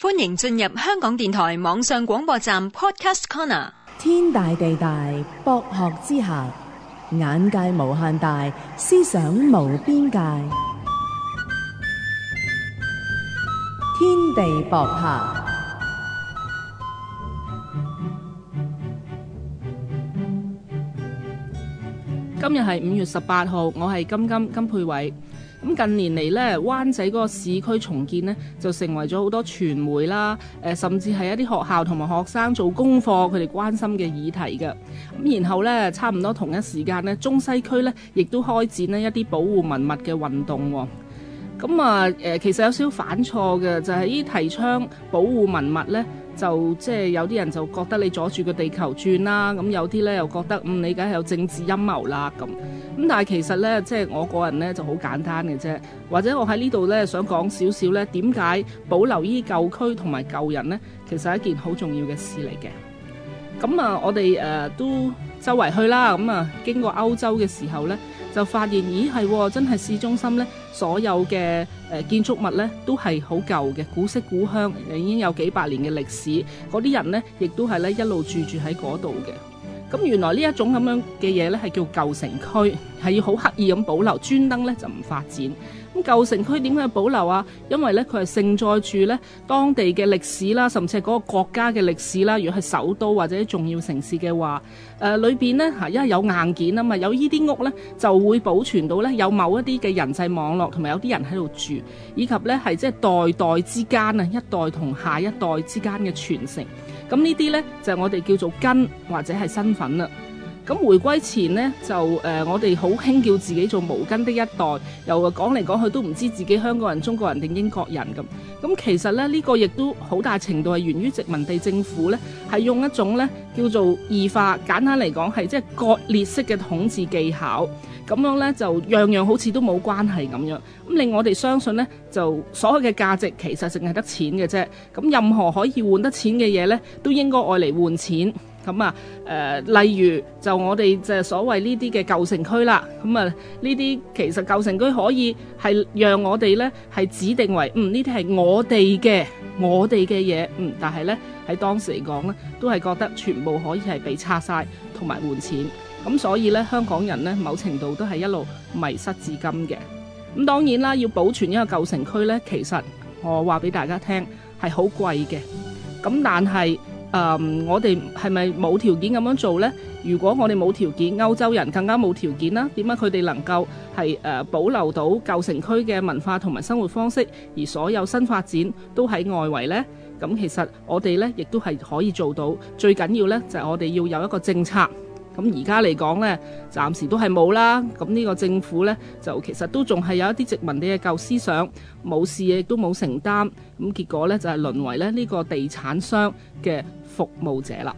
歡迎進入香港電台網上廣播站 Podcast Corner。天大地大，博學之下；眼界無限大，思想無邊界。天地博客。今日係五月十八號，我係金金金佩瑋。咁近年嚟呢灣仔個個市區重建呢就成為咗好多傳媒啦，誒，甚至係一啲學校同埋學生做功課佢哋關心嘅議題嘅。咁然後呢，差唔多同一時間呢，中西區呢亦都開展呢一啲保護文物嘅運動喎。咁啊，誒，其實有少少犯錯嘅，就係呢啲提倡保護文物呢。就即係有啲人就覺得你阻住個地球轉啦，咁有啲呢又覺得咁你梗係有政治陰謀啦咁。咁但係其實呢，即係我個人呢就好簡單嘅啫。或者我喺呢度呢，想講少少呢點解保留依舊區同埋舊人呢，其實係一件好重要嘅事嚟嘅。咁啊，我哋誒、呃、都周圍去啦，咁啊，經過歐洲嘅時候呢，就發現，咦係，真係市中心呢所有嘅誒建築物呢都係好舊嘅，古色古香，已經有幾百年嘅歷史，嗰啲人呢亦都係呢一路住住喺嗰度嘅。咁原來呢一種咁樣嘅嘢呢係叫舊城區，係要好刻意咁保留，專登呢就唔發展。咁舊城區點解保留啊？因為咧佢係盛載住咧當地嘅歷史啦，甚至係嗰個國家嘅歷史啦。如果係首都或者重要城市嘅話，誒裏邊咧嚇，因為有硬件啊嘛，有依啲屋咧就會保存到咧有某一啲嘅人際網絡，同埋有啲人喺度住，以及咧係即係代代之間啊，一代同下一代之間嘅傳承。咁呢啲咧就係我哋叫做根或者係身份啦。咁回歸前呢，就、呃、我哋好興叫自己做無根的一代，又講嚟講去都唔知自己香港人、中國人定英國人咁。咁其實咧，呢、呢個亦都好大程度係源於殖民地政府呢係用一種呢叫做異化，簡單嚟講係即係割裂式嘅統治技巧。咁樣呢，就樣樣好似都冇關係咁樣。咁令我哋相信呢，就所謂嘅價值其實淨係得錢嘅啫。咁任何可以換得錢嘅嘢呢，都應該愛嚟換錢。咁啊，誒、呃，例如就我哋就係所謂呢啲嘅舊城區啦。咁啊，呢啲其實舊城區可以係讓我哋呢係指定為嗯呢啲係我哋嘅我哋嘅嘢，嗯，但係呢，喺當時嚟講呢都係覺得全部可以係被拆晒同埋換錢。咁所以呢，香港人呢某程度都係一路迷失至今嘅。咁當然啦，要保存一個舊城區呢，其實我話俾大家聽係好貴嘅。咁但係，誒，我哋係咪冇條件咁樣做呢？如果我哋冇條件，歐洲人更加冇條件啦。點解佢哋能夠係誒保留到舊城區嘅文化同埋生活方式，而所有新發展都喺外圍呢？咁其實我哋呢亦都係可以做到。最緊要呢就係我哋要有一個政策。咁而家嚟講呢，暫時都係冇啦。咁呢個政府呢，就其實都仲係有一啲殖民地嘅舊思想，冇事亦都冇承擔。咁結果呢，就係淪為呢呢個地產商嘅服務者啦。